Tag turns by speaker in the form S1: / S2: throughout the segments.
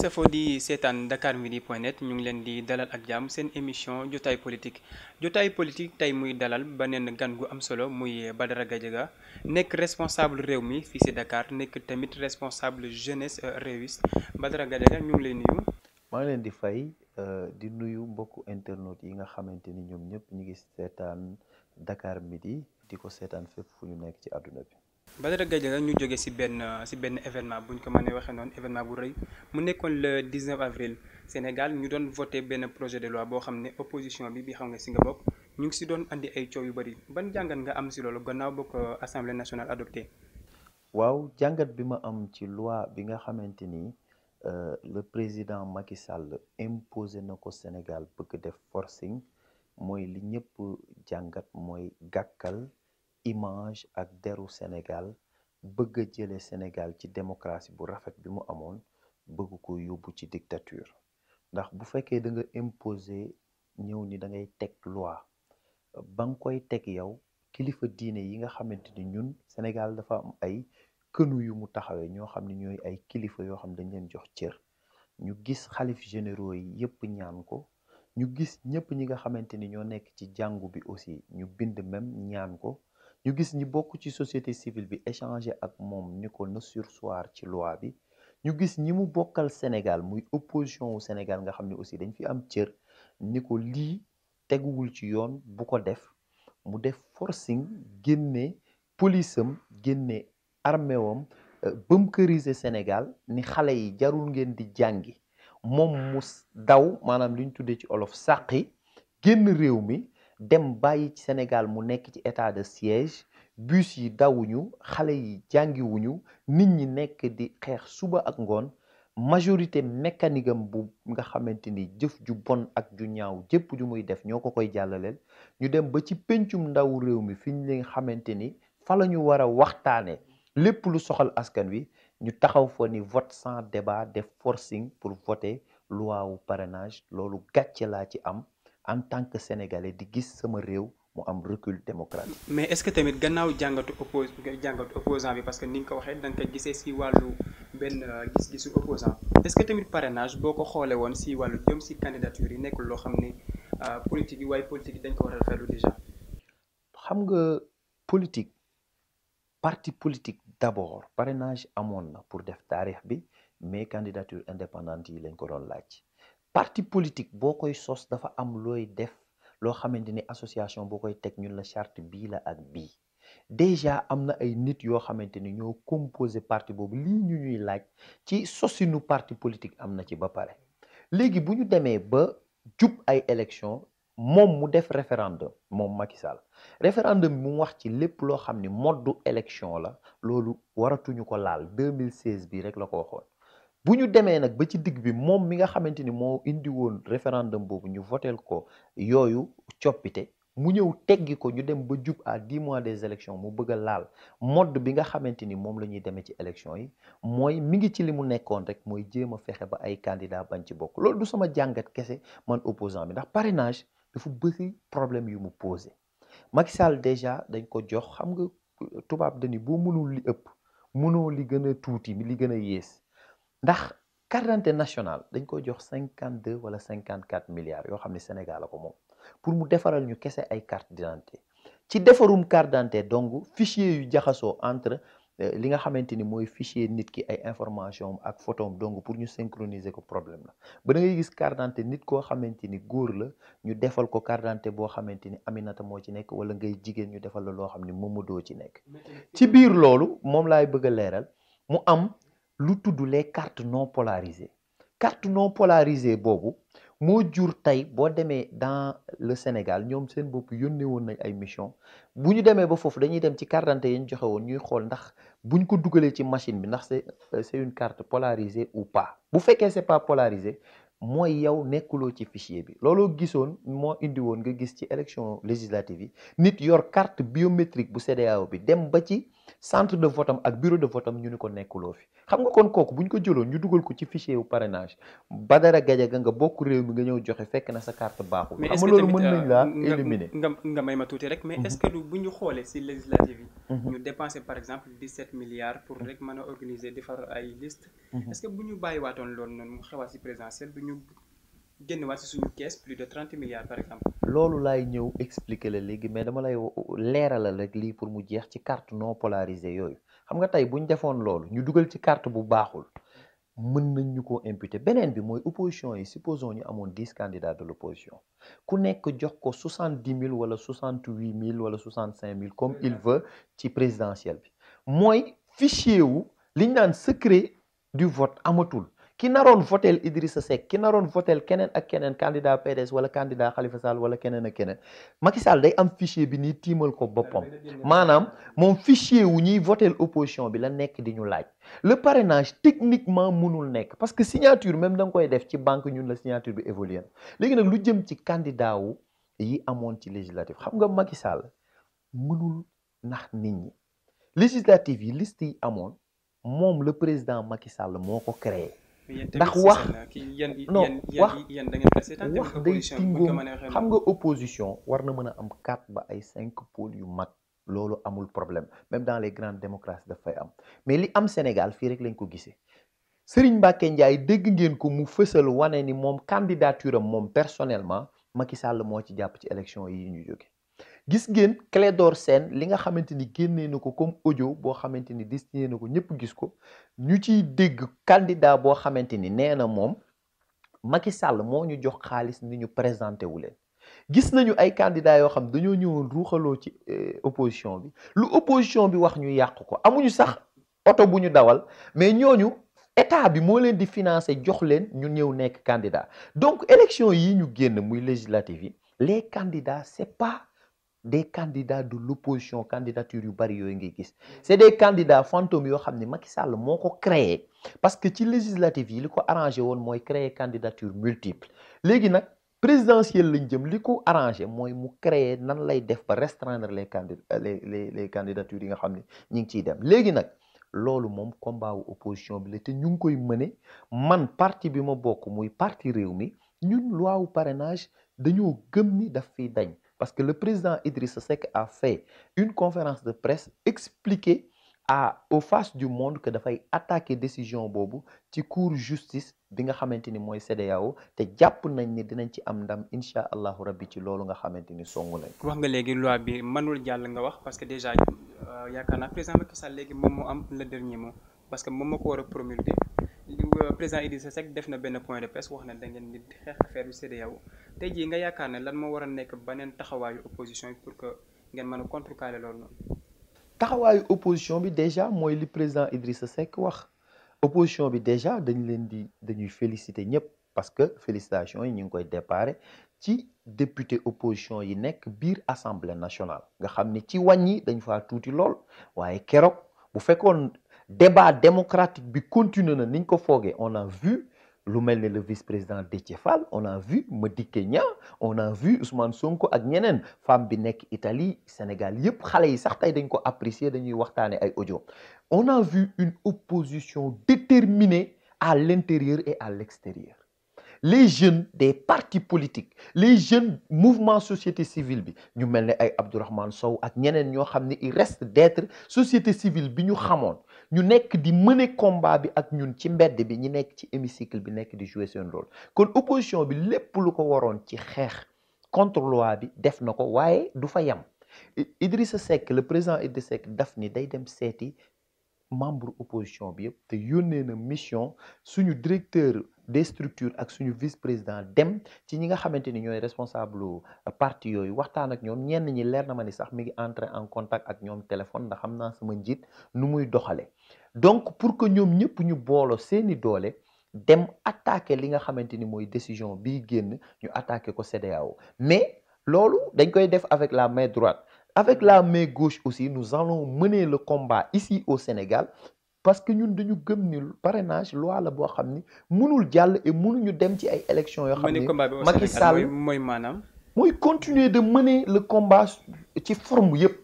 S1: safoo di seetaan Dakar Midi point net ñu ngi leen di dalal ak jàmm seen émission jotaay politique jotaay politique tey muy dalal beneen gan gu am solo muy Badara Gadiaga nekk responsable réew mi fii si Dakar nekk tamit responsable jeunesse euh, réewis Badara Gadiaga ñu ngi leen nuyu.
S2: maa ngi leen di fay euh, di nuyu mbokk internautes yi nga xamante ni ñoom ñëpp ñu ngi seetaan Dakar Midi di ko seetaan fépp fu ñu nekk ci àdduna bi.
S1: Badara Gaye la ñu jóge si benn si benn événement buñ ñu ko mënee waxee noonu événement bu rëy mu nekkoon le 19 avril Sénégal ñu doon voté benn projet de loi boo xam ne opposition bi bi xam nga si nga bokk ñu ngi si doon andi ay coow yu bëri ban jàngat nga am si loolu gannaaw ba ko assemblée nationale adopté.
S2: waaw jàngat bi ma am ci loi bi nga xamante ni euh, le président Macky Sall imposé na ko Sénégal bëgg def forcing mooy li ñëpp jàngat mooy gàkkal. image ak deru Sénégal bëgg jële Sénégal ci démocratie bu rafet bi mu amoon bëgg ko yóbbu ci dictature ndax bu fekkee da nga imposer ñëw ni da ngay teg loi ba nga koy teg yow kilifa diine yi nga xamante ni ñun Sénégal dafa am ay kënu yu mu taxawee ñoo xam ne ñooy ay kilifa yoo xam ne dañ leen jox cër ñu gis xalif généraux yi yëpp ñaan ko ñu gis ñëpp ñi nga xamante ni ñoo nekk ci jàngu bi aussi ñu bind même ñaan ko ñu gis ñi bokk ci société civile bi échanger ak moom ni ko na sursoir ci loi bi ñu gis ñi mu bokkal Sénégal muy opposition wu Sénégal nga xam ne aussi dañ fi am cër ni ko lii teguwul ci yoon bu ko def mu def forcing génne police am génne armée wam euh, bëmkërise Sénégal ni xale yi jarul ngeen di jàngi moom mu daw maanaam luñ tuddee ci olof sàqi génn réew mi dem bàyyi ci Sénégal mu nekk ci état de siège bus yi dawuñu xale yi jàngiwuñu nit ñi nekk di xeex suba ak ngoon majorité mécanique bu nga xamante ni jëf ju bon ak ju ñaaw jëpp ju muy def ñoo ko koy jàllaleel ñu dem ba ci pencum ndaw réew mi fi ñu leen xamante ni fa la ñu war a waxtaane lépp lu soxal askan wi ñu taxaw fa ni vote sans débat def forcing pour voter loi parenage loolu gàcce laa ci am en tant que sénégalais di gis sama réew mu am recul démocratique.
S1: mais est-ce que tamit gannaaw jàngatu oppos jàngatu opposant bi parce que ni nga ko waxee da nga ko gisee si wàllu benn euh, gis-gisu opposant est-ce que tamit parrainage boo ko xoolee woon si wàllu jëm si candidature yi nekkul loo xam ni euh, politique yi waaye politique yi dañ ko war a rafetlu déjà.
S2: xam nga politique parti politique d'abord parenage amoon na pour def taarix bi mais candidature indépendante yi lañ ko doon laaj. parti politique boo koy sos dafa am looy def loo xamante ni association boo koy teg ñun la charte bii la ak bii déjà am na ay nit yoo xamante ni ñoo composé parti boobu lii ñu ñuy laaj ci sosinu parti politique am na ci ba pare léegi bu ñu demee ba jub ay élection moom mu def référendum moom Macky Sall référendum bi mu wax ci lépp loo xam ni moddu élection la loolu waratuñu ko laal 2016 bii rek la ko waxoon bu ñu demee nag ba ci digg bi moom mi nga xamante ni moo indiwoon woon référendum boobu ñu voteel ko yooyu coppite mu ñëw teggi ko ñu dem ba jub à di mois des élections mu bëgg a laal mode bi nga xamante ni moom la ñuy demee ci élections yi mooy mi ngi ci li mu nekkoon rek mooy jéem a fexe ba ay kandidaa bañ ci bokk loolu du sama jàngat kese man opposant bi ndax parrainage dafa bëri problème yu mu posé Macky Sall déjà dañ ko jox xam nga tubaab dañu boo mënul ëpp mënoo li gën a tuuti li gën a yées ndax carte d'identité nationale dañ koy jox cinquante deux wala cinquante quatre milliards yoo xam ne Sénégal ko moom pour mu defaral ñu kese ay carte d'identité ci defarum carte d'identité donc fichier yu jaxasoo entre euh, li nga xamante ni mooy fichier nit ki ay information ak photo am donc pour ñu synchroniser ko problème la ba da gis carte nit koo xamante ni góor la ñu defal ko carte boo xamante ni Aminata moo ci nekk wala ngay jigéen ñu defal la loo xam ne Momadou ci nekk ci biir loolu moom laay bëgg a leeral mu am lu tudd les cartes non polariser carte non polarisée boobu moo jur tey boo demee dans le Sénégal ñoom seen bopp yónnee woon nañ ay mission bu ñu demee ba foofu dañuy dem ci carte d'identité joxe woon ñuy xool ndax bu ko dugalee ci machine bi ndax c'est euh, c'est une carte polarisée ou pas bu fekkee c'est pas polarisé mooy yow nekkuloo ci fichier bi looloo gisoon moo indi woon nga gis ci élection législative yi nit yor carte biométrique bu CEDEAO bi dem ba ci. centre de vote am ak bureau de vote am ñu ni ko nekkuloo fi xam nga kon kooku bu ñu ko jëloon ñu dugal ko ci fichier wu parrainage Badara Gadiaga nga bokk réew mi nga ñëw joxe fekk na sa carte baaxul. mais est-ce loolu mën nañ laa euh, éliminer
S1: nga may ma tuuti rek. mais mhm. est-ce que du bu ñu xoolee si législative yi. Mhm. ñu dépensé par exemple 17 milliards pour rek mën a organiser defar ay liste mhm. est bu ñu bàyyiwaatoon loolu noonu mu xewaat si présidentielle du ñu. génn waat si suñu kees
S2: loolu laay ñëw expliquer la léegi mais dama lay leeralal rek lii pour mu jeex ci carte non polarisée yooyu xam nga tey bu ñu defoon loolu ñu dugal ci carte bu baaxul mën nañ ñu ko imputer beneen bi mooy opposition yi supposons ñu amoon dix candidats de l' opposition ku nekk jox ko soixante dix mille wala soixante huit mille wala soixante cinq mille comme il veut ci présidentielle bi mooy fichier wu li ñu naan secret du vote amatul. ki naroon votel Idrissa Seck ki naroon votel keneen ak keneen candidat PDS wala candidat Khalifa Sall wala keneen ak keneen Macky day am fichier bi ni tiimal ko boppam maanaam moom fichier wu ñuy votel opposition bi la nekk di ñu laaj le parrainage techniquement mënul nekk parce que signature même danga koy def ci banque ñun la signature bi évolué léegi nag lu jëm ci candidat wu yi amoon ci législative xam nga Macky Sall mënul nax nit ñi législative yi liste yi amoon moom le président Macky Sall moo ko créé ndax wax non wax wax day tingoom xam nga opposition war na mën am quatre ba ay cinq pôles yu mag loolu amul problème même dans les grandes démocraties dafay am mais li am Sénégal fii rek lañ ko gisee Serigne Mbacke Ndiaye dégg ngeen ko mu fësal wane ni moom candidature am moom personnellement Macky Sall moo ci jàpp ci élection yi ñu jóge gis ngeen door seen li nga xamante ni génnee na ko comme ojo boo xamante ni destiné na ko ñëpp gis ko ñu ciy dégg candidat boo xamante ni nee na moom Macky Sall moo ñu jox xaalis ni ñu présenté wu leen gis nañu ay candidats yoo xam dañoo ñëwoon ruuxaloo ci eh, opposition bi lu opposition bi wax ñu yàq ko amuñu sax oto bu ñu dawal mais ñooñu état bi moo leen di financé jox leen ñu ñëw nekk candidat donc élection yi ñu génn muy législative yi les candidats des candidats de l'opposition yu bari yooyu ngay gis mm. c'est des candidats fantômes yoo xam ne Macky Sall moo ko créé parce que ci législative yi li ko arrangé woon mooy créer candidature multiple léegi nag présidentielle lañ jëm li ko arrangé mooy mu créer nan lay def ba restreindre les candi les les les yi nga xam ne ñu ngi ciy dem léegi nag loolu moom combat wu opposition bi la te ñu ngi koy mëne man parti bi ma bokk muy parti réew mi ñun loi wu parrainage dañoo gëm ni daf fiy dañ Parce que le président Idrissa Seck a fait une conférence de presse expliquer à aux faces du monde que dafay attaqué décision boobu ci cour justice bi nga xamante ni mooy CEDEAO te jàpp nañ ni dinañ ci am ndam incha allahu rabbi ci loolu nga xamante ni songu nañ.
S1: wax nga léegi loi bi mënul jàll nga wax parce que déjà euh, yaakaar naa président Macky Sall léegi moom moo am le dernier parce que moom moo ko war a promulguer Euh, président Idrissa Seck def na benn point de presse wax na da xeex affaire bi CEDEAO tey jii nga yaakaar na lan moo war a nekk beneen taxawaayu opposition bi ngeen mën a contrecarrer loolu noonu.
S2: taxawaayu opposition bi déjà mooy li président Idrissa Seck wax opposition bi déjà dañu leen di dañuy féliciter ñëpp parce que félicitations yi ñu ngi koy déparé ci député opposition yi nekk biir assemblée nationale nga xam ni ci wàññi dañ faa tuuti lool waaye keroog bu fekkoon. débat démocratique bi continue na ñu ko foogee on a vu lu mel ne le vice-président Déthié Fall on a vu Madické Niang on a vu Ousmane Sonko ak ñeneen femme bi nekk itali Sénégal yëpp xale yi sax tey dañ ko apprécier dañuy waxtaane ay audio on a vu une opposition déterminée à l'intérieur et à l'extérieur les jeunes des partis politiques les jeunes mouvement société civile bi ñu mel ne ay Abdourahmane Sow ak ñeneen ñoo xam ne il reste d'être société civile bi ñu xamoon ñu nekk di mëne combat bi ak ñun ci mbedd bi ñu nekk ci hémicycle bi nekk di jouer seen rôle kon opposition bi lépp lu ko waroon ci xeex contre loi bi def na ko waaye du fa yam Idrissa Seck le président Idrissa Seck daf ni day dem seeti membre opposition bi yëpp te yónnee na mission suñu directeur des structures ak suñu vice président dem ci ñi nga xamante ni ñooy responsable parti yooyu waxtaan ak ñoom ñenn ñi leer na ma ni sax mi ngi entrer en contact ak ñoom téléphone ndax xam naa sama njiit nu muy doxale donc pour que ñoom ñëpp ñu boolo seeni doole dem attaquer li nga xamante ni mooy décision bii génn ñu attaquer ko CEDEAO mais loolu dañ koy def avec la main droite avec la main gauche aussi nous allons mener le combat ici au Sénégal parce que ñun dañu gëm ni parrainage loi la boo xam ni mënul jàll et mënuñu dem ci ay élections yoo xam ne Macky saal
S1: mooy maanaam
S2: mooy continuer de mener le combat ci forme yëpp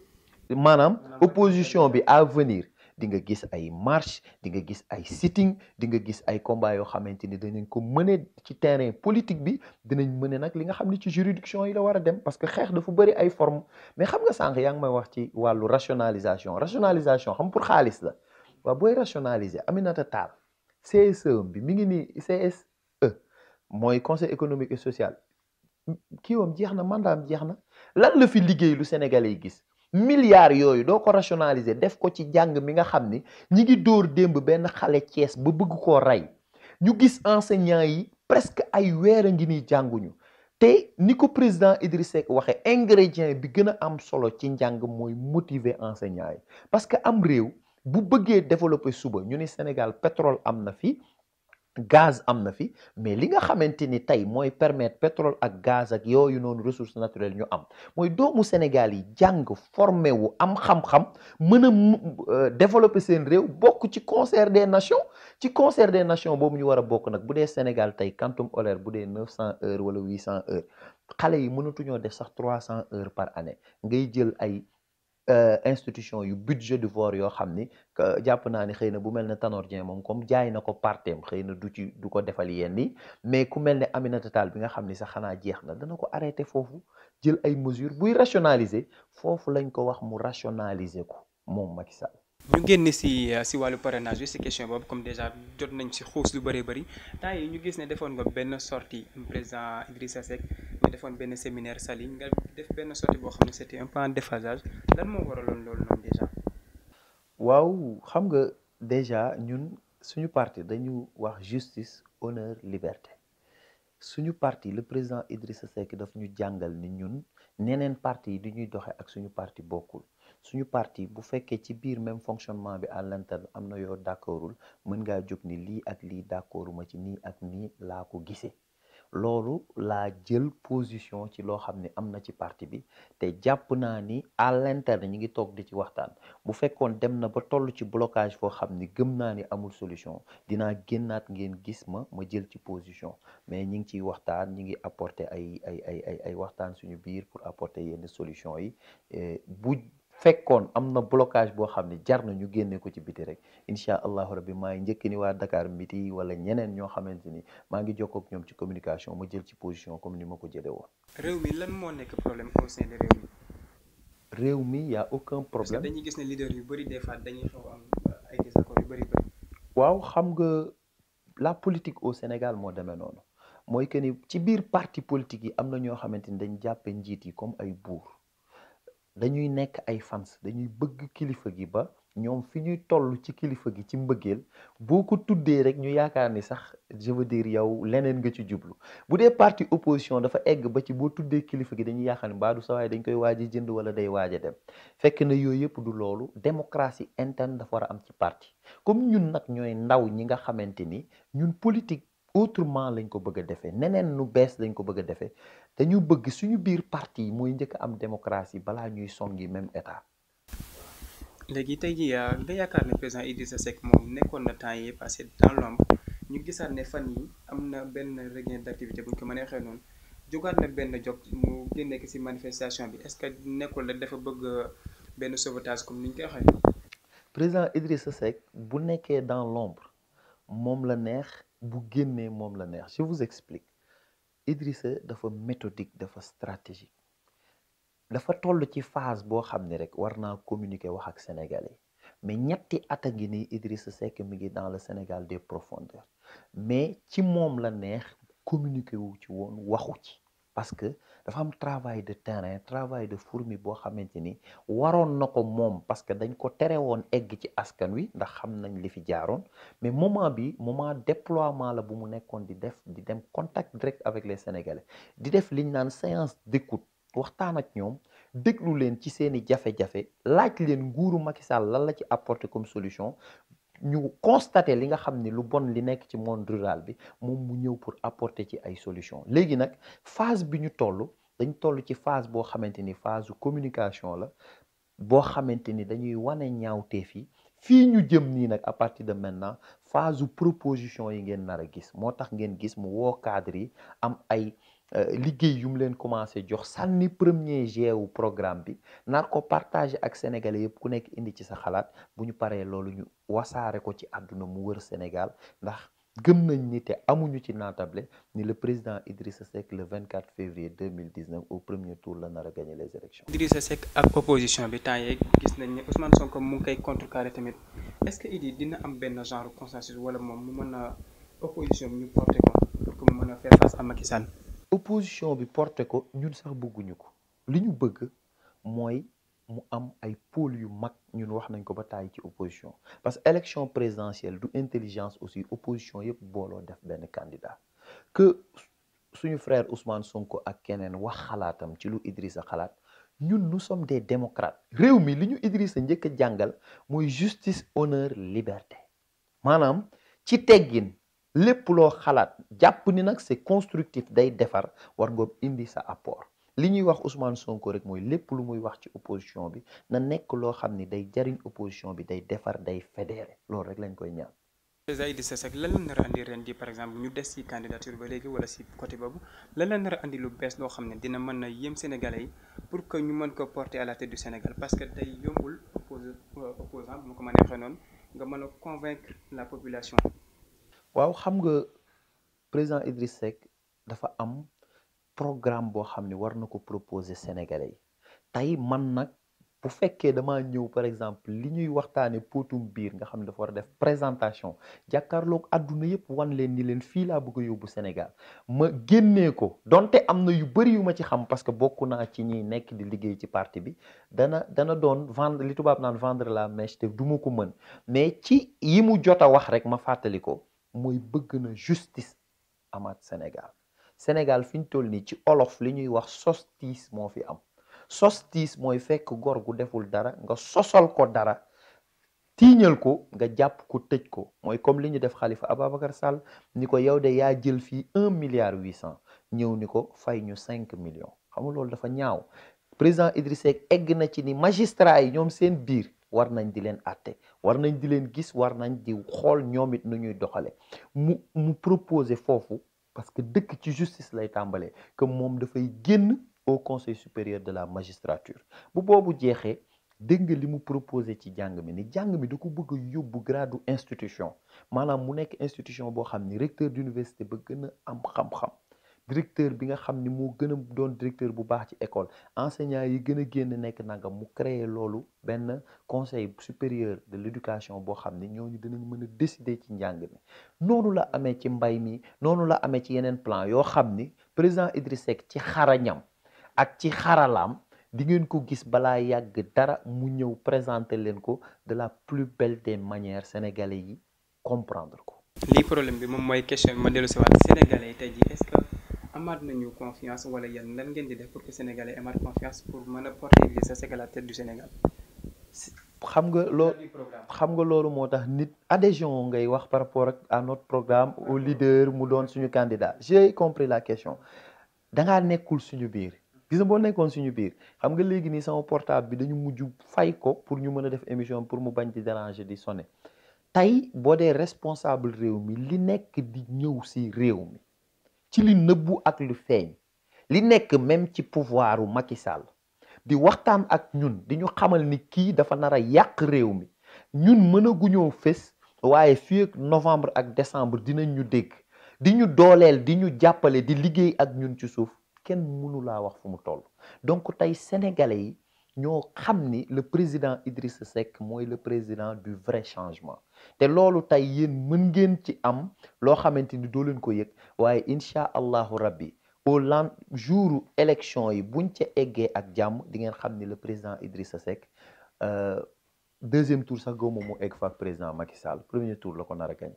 S2: maanaam opposition bi à venir di nga gis ay marche di nga gis ay sitting di nga gis ay combat yoo xamante ni dinañ ko mëne ci terrain politique bi dinañ mëne nag li nga xam ni ci juridiction yi la war a dem parce que xeex dafa bëri ay forme mais xam nga sànq yaa ngi may wax ci wàllu rationalisation rationalisation xam pour xaalis la waaw booy rationaliser Aminata Tall CSE bi mi ngi nii CSE mooy conseil économique et sociale kii jeex na mandaam jeex na lan la fi liggéey lu Sénégalais gis milliards yooyu doo ko rationaliser def ko ci jàng mi nga xam ni ñi ngi dóor démb benn xale Cees ba bëgg koo rey ñu gis enseignants yi presque ay weer a ngi nii jànguñu te ni ko président Idriss Seck waxee ingrédient bi gën a am solo ci njàng mooy motiver enseignants yi parce que am réew bu bëggee développer suba ñu ni Sénégal pétrole am na fi gaz am na fi mais li nga xamante ni tey mooy permettre pétrole ak gaz ak yooyu noonu ressource naturelles ñu am mooy doomu Sénégal yi jàng formé wu am xam-xam mën a euh, développer seen réew bokk ci concert des nations ci concert des nations boobu ñu war a bokk nag bu dee Sénégal tey quantum horaire bu dee neuf cent heures wala huit cent heures xale yi mënatuñoo def sax trois cent heures par année ngay jël ay Euh, institution yu budget d'Ivoire yoo xam ni jàpp naa ne xëy na bu mel ne Tanor Dieng moom comme jaay na ko parteem xëy na du ci du ko defal yenn yi mais ku mel ne Aminata Tall bi nga xam ni sax xanaa jeex na dana ko arrêté foofu jël ay mesures buy rationaliser foofu lañ ko wax mu rationaliser ko moom Macky Sall.
S1: ñu génn si euh, si wàllu parrainage si question boobu comme déjà jot nañ si xuus lu bëree bëri temps yi ñu gis ne defoon nga benn sorti sortie président Idrissa sec nga defoon benn séminaire Saly nga def benn sortie boo xam ne c'était un peu en déphasage lan moo waraloon loolu noonu déjà.
S2: waaw xam nga déjà ñun suñu parti dañu wax justice honneur liberté suñu parti le président Idrissa Seck daf ñu jàngal ni ñun neneen parti yi di ñuy doxee ak suñu parti bokkul. suñu parti bu fekkee ci biir même fonctionnement bi à am na yoo d'accordul mën ngaa jóg ni lii ak lii d'accorduma ci nii ak nii laa ko gisee loolu laa jël position ci loo xam ne am na ci partie bi te jàpp naa ni à l'interne ñu ngi toog di ci waxtaan bu fekkoon dem na ba toll ci blocage foo xam ni gëm naa ni amul solution dinaa génnaat ngeen gis ma ma jël ci position mais ñi ngi ciy waxtaan ñu ngi apporter ay ay ay ay ay waxtaan suñu biir pour apporter yenn solution yi bu fekkoon am na blocage boo xam ne jar na ñu génnee ko ci biti rek incha allahu rabbi maa ngi njëkk ni waa Dakar midi wala ñeneen ñoo xamante ni maa ngi jokkoo ak ñoom ci communication ma jël ci position comme ni ma ko jëlee
S1: woon. réew mi lan moo nekk problème au sein réew mi.
S2: réew mi y' a aucun problème
S1: yu bëri des fois dañuy xaw am ay désaccords yu bëri
S2: waaw xam nga la politique au Sénégal moo demee noonu mooy que ni ci biir parti politique yi am na ñoo xamante ni dañ jàppe njiit yi comme ay buur. dañuy nekk ay fans dañuy bëgg kilifa gi ba ñoom fi ñuy toll ci kilifa gi ci mbëggeel boo ko tuddee rek ñu yaakaar ni sax je veux yow leneen nga ci jublu bu dee parti opposition dafa egg ba ci boo tuddee kilifa gi dañuy yaakaar ni baadu sawaay dañ koy waaj jënd wala day waaja dem fekk na yooyu yëpp du loolu démocratie interne dafa war a am ci parti comme ñun nag ñooy ndaw ñi nga xamante ni ñun politique autrement lañ ko bëgg a defee neneen nu bees lañ ko bëgg defee te ñu bëgg suñu biir parti mooy njëkk am démocratie balaa ñuy songi même état.
S1: léegi tey jii euh, nga yaakaar ne président Idrissa Seck moom nekkoon na temps yii passé dans l'ombre ñu gisaat ne fan yi am na benn regain d'activité bu ñu ko mënee waxee noonu jógaat na benn jog mu génne ko ci manifestation bi est-ce que nekkul la dafa bëgg euh, benn sauvetage comme ni koy waxee.
S2: président Idrissa Seck bu nekkee dans l'ombre moom la neex. bu génnee moom la neex je vous explique Idrissa dafa méthodique dafa stratégique dafa toll ci phase boo xam ne rek war naa communiqué wax ak sénégalais mais ñetti at a ngi nii Idrissa Seck mi ngi dans le Sénégal des profondeurs mais ci moom la neex communiqué wu ci woon waxu ci. parce que dafa am travail de terrain travail de fourmi boo xamante ni waroon na ko moom parce que dañ ko tere woon egg ci askan wi ndax xam nañ li fi jaaroon mais moment bi moment déploiement la bu mu nekkoon di def di dem contact direct avec les Sénégalais di def liñ naan séance d'écoute waxtaan ak ñoom déglu leen ci seeni jafe-jafe laaj leen nguuru Macky Sall lan la ci apporter comme solution ñu constater li nga xam ne lu bon li nekk ci monde rural bi moom mu ñëw pour apporter ci ay solution léegi nag phase bi ñu toll dañ toll ci phase boo xamante ni phase communication la boo xamante ni dañuy wane ñaawteef yi fii ñu jëm nii nag à partir de maintenant phase proposition yi ngeen nar a gis moo tax ngeen gis mu woo cadre yi am ay Euh, liggéey yu mu leen commencé jox sànni premier jet wu programme bi nar ko partage ak sénégalais yëpp ku nekk indi ci sa xalaat bu ñu paree loolu ñu wasaare ko ci àdduna mu wër Sénégal ndax gën nañ ni te amuñu ci naatable ni le président Idrissa Seck le 24 février 2019 au premier tour la nar a gagné les élections.
S1: Idrissa Seck ak opposition bi temps yeeg gis nañ ne Ousmane Sonko mu ngi koy contrecarré tamit est-ce que Idy dina am benn genre consensus wala moom mu mën a opposition bi ñu ko pour que mu opposition bi porté
S2: ko ñun sax bëgguñu ko li ñu bëgg mooy mu am ay pôle yu mag ñun wax nañ ko ba tàyyi ci opposition parce que élection présidentielle du intelligence aussi opposition yëpp booloo def benn candidat que suñu frère Ousmane Sonko ak keneen wax xalaatam ci lu Idrissa xalaat ñun nous sommes des démocrates réew mi li ñu Idrissa njëkk a jàngal mooy justice honneur liberté maanaam ci teggin lépp loo xalaat jàpp ni nag c'est constructif day defar war nga indi sa apport li ñuy wax Ousmane Sonko rek mooy lépp lu muy wax ci opposition bi na nekk loo xam ni day jariñ opposition bi day defar day fédéré loolu rek lañ koy ñaan.
S1: Zahidi Sassak lan la nar a andi ren di par exemple ñu des ci candidature ba léegi wala ci côté boobu lan la nar a andi lu bees loo xam ne dina mën na yéem Sénégalais yi pour que ñu mën ko porter à la tête du Sénégal parce que day yombul euh, opposant bu ko mënee waxee noonu nga mën a convaincre la population.
S2: waaw xam nga président Idriss Seck dafa am programme boo xam ne war na ko proposer Sénégalais yi tey man nag bu fekkee dama ñëw par exemple li ñuy waxtaanee potum biir nga xam ne dafa war a def présentation jàkkaarloog àdduna yëpp wan leen ni leen fii laa bëgg a yóbbu Sénégal ma génnee ko donte am na yu bëri yu ma ci xam parce que bokk naa ci ñiy nekk di liggéey ci parti bi dana dana doon vendre li tubaab naan vendre la mèche te du ma ko mën mais ci yi mu jot a wax rek ma fàttali ko. mooy bëgg na justice amaat Sénégal Sénégal fi ñu toll nii ci olof li ñuy wax sostiis moo fi am sostiis mooy fekk gor gu deful dara nga sosal ko dara tiiñal ko nga jàpp ko tëj ko mooy comme li ñu def xalifa Ababacar Sall ni ko yow de yaa jël fii un milliard huit cent ñëw ni ko fay ñu cinq millions xam nga loolu dafa ñaaw président Idriss egg na ci ni magistrat yi ñoom seen biir war nañ di leen àtte war nañ di leen gis war nañ di xool ñoom it nu ñuy doxale mu mu proposer foofu parce que dëkk ci justice lay tàmbalee que moom dafay génn au conseil supérieur de la magistrature bu boobu jeexee dégg nga li mu proposé ci jàng mi ni jàng mi da ko bëgg a yóbbu gradu institution maanaam mu nekk institution boo xam ni recteur d'université ba gën a am xam-xam directeur bi nga xam ni moo gën a doon directeur bu baax ci école enseignant yi gën a génn nekk nangam mu créer loolu benn conseil supérieur de l'éducation boo xam ni ñooñu dinañ mën a décider ci njàng mi noonu la ame ci mbay mi noonu la amee ci yeneen plan yoo xam ni président Idriss ci xarañam ak ci xaralaam di ngeen ko gis balaa yàgg dara mu ñëw présenter leen ko de la plus belle des manières sénégalais yi comprendre ko.
S1: lii problème bi moom mooy que. amaat nañu confiance wala yéen lan ngeen di def pour que sénégalais amaat confiance pour mën a porter les Sacek à du Sénégal.
S2: xam nga loo nga loolu moo tax nit adhésion ngay wax par rapport ak à programme au leader mu doon suñu candidat j'ai compris la question da nekkul suñu biir. gis nga boo nekkoon suñu biir xam nga léegi nii sama portable bi dañu mujj fay ko pour ñu mën a def émission pour mu bañ di déranger di sone tey boo dee responsable réew mi li nekk di ñëw si réew mi. ci li nëbbu ak lu feeñ li nekk même ci pouvoiru Macky Sall di waxtaan ak ñun di ñu xamal ni kii dafa nar a yàq réew mi ñun mënaguñoo fés waaye fii novembre ak décembre dinañ ñu dégg di ñu dooleel di ñu jàppale di liggéey ak ñun ci suuf kenn mënu laa wax fu mu toll donc tey sénégalais yi ñoo xam ni le président Idrissa Seck mooy le président du vrai changement te loolu tey yéen mën ngeen ci am loo xamante ni doo leen ko yëg waaye incha allahu rabbi au lan jouru élection yi buñ ca eggee ak jàmm di ngeen xam ni le président Idrissa Seck euh, deuxième tour sax gawma mu egg fa ak président Macky Sall premier tour la ko nar gañ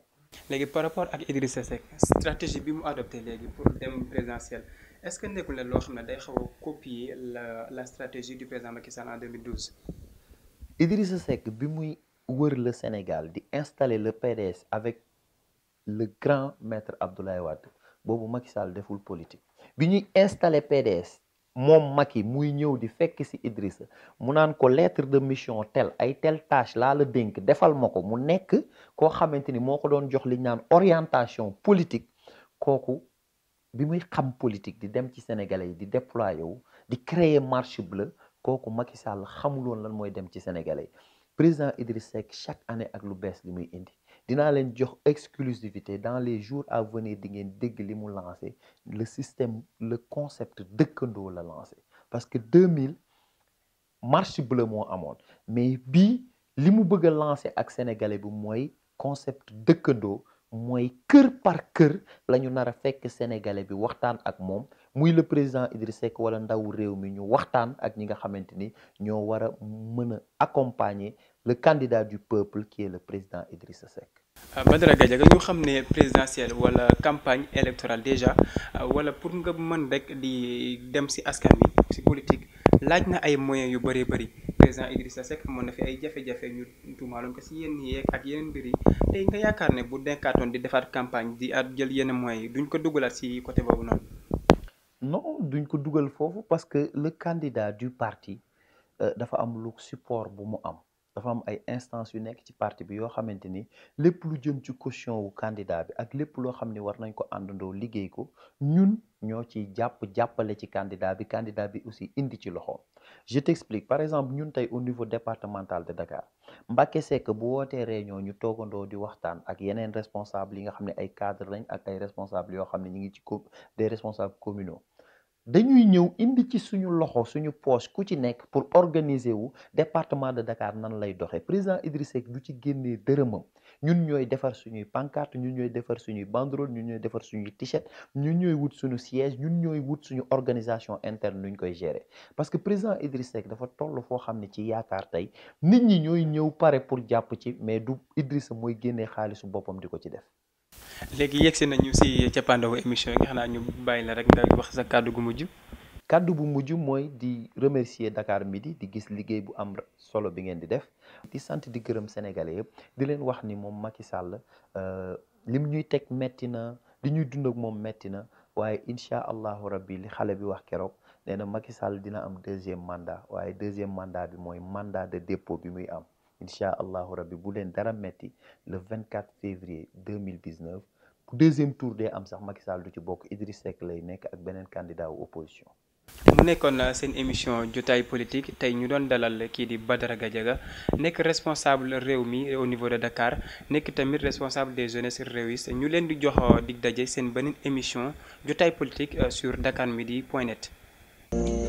S1: léegi par rapport ak Idrissa Seck stratégie bi mu adopté léegi pour dem présidentielle est-ce que nekkul ne loo xam ne day xaw a copier la la stratégie du président Macky Sall en 2012.
S2: Idrissa wër le Sénégal di installer le PDS avec le grand maître Abdoulaye Wade boobu Macky Sall deful politique bi ñuy installer PDS moom mag yi muy ñëw di fekk ci Idrissa mu naan ko lettre de mission tel ay tel tâche laa la dénk defal ma ko mu nekk koo xamante ni moo ko doon jox li ñu naan orientation politique kooku bi muy xam politique di dem ci Sénégalais yi di déployer wu di créer marche bleue kooku Macky Sall xamuloon lan mooy dem ci Sénégalais yi président Idriss sec chaque année ak lu bees li muy indi dinaa leen jox exclusivité dans les jours à venir di ngeen dégg li mu lancé le système le concept dëkkandoo la lancé parce que 2000 marche bleue moo amoon mais bii li mu bëgg a lancé ak sénégalais bi mooy concept dëkkandoo mooy kër par kër la ñu nar a fekk sénégalais bi waxtaan ak moom muy le président Idriss Seck wala ndawu réew mi ñu waxtaan ak ñi nga xamante ni ñoo war a mën a accompagner le candidat du peuple qui est le président Idrissa Seck.
S1: Euh, Badara Gadiaga ñu xam ne présidentielle wala campagne électorale déjà euh, wala pour nga mën rek di dem ci askan wi ci politique laaj na ay moyens yu bëree bëri président sa Seck amoon na fi ay jafe-jafe ñu tuumaaloon ko ci yenn yeeg ak yeneen mbir yi tey nga yaakaar ne bu denkaatoon di defaat campagne di at jël yenn moyens yi duñ ko dugalaat ci côté boobu noonu.
S2: non duñ ko dugal foofu parce que le candidat du parti euh, dafa am lu support bu mu am. dafa am ay instance yu nekk ci parti bi yoo xamante ni lépp lu jëm ci caution wu candidat bi ak lépp loo xam ni war nañ ko àndandoo liggéey ko ñun ñoo ci jàpp jàppale ci candidat bi candidat bi aussi indi ci loxoom je t'explique par exemple ñun tey au niveau départemental de Dakar Mbacké Seck bu wootee réunion ñu toogandoo di waxtaan ak yeneen responsable yi nga xam ne ay cadre lañ ak ay responsable yoo xam ne ñu ngi ci des responsables communaux dañuy ñëw indi ci suñu loxo suñu poche ku ci nekk pour organiser wu département de Dakar nan lay doxee président Idrissa Seck du ci génnee dërëmam ñun ñooy defar suñuy pancarte ñun ñooy defar suñuy banderole ñun ñooy defar suñuy t-shirt ñun ñooy wut suñu siège ñun ñooy wut suñu organisation interne nuñ koy gérer parce que président Idrissa Seck dafa toll foo xam ne ci yaakaar tey nit ñi ñooy ñëw pare pour jàpp ci mais du Idrissa mooy génnee xaalisu boppam di ko ci def
S1: léegi yegsi nañu si cappaandawu émission yi xanaa ñu bàyyi la rek nga wax sa kàddu gu mujj.
S2: kàddu bu mujj mooy di remercier Dakar Midi di di gis liggéey bu am solo bi ngeen di def. di sant di gërëm sénégalais yëpp di leen wax ni moom Macky Sall euh, lim ñuy teg metti na li ñuy dund moom metti na waaye incha allahu rabbi li xale bi wax keroog nee na Macky Sall dina am deuxième mandat waaye deuxième mandat bi mooy mandat de dépôt bi muy am. incha allahu rabbi bu leen dara metti le 24 février 2019 bu deuxième tour dee am sax Macky Sall du ci bokk Idriss Seck lay nekk ak beneen candidat wu opposition.
S1: mu nekkoon euh, seen émission jotaay politique tey ñu doon dalal kii di Badara Gadiaga nekk responsable réew mi au niveau de Dakar nekk tamit responsable des jeunesses réewistes ñu leen di jox euh, dig daje seen beneen émission jotaay politique euh, sur dakarmidi point net.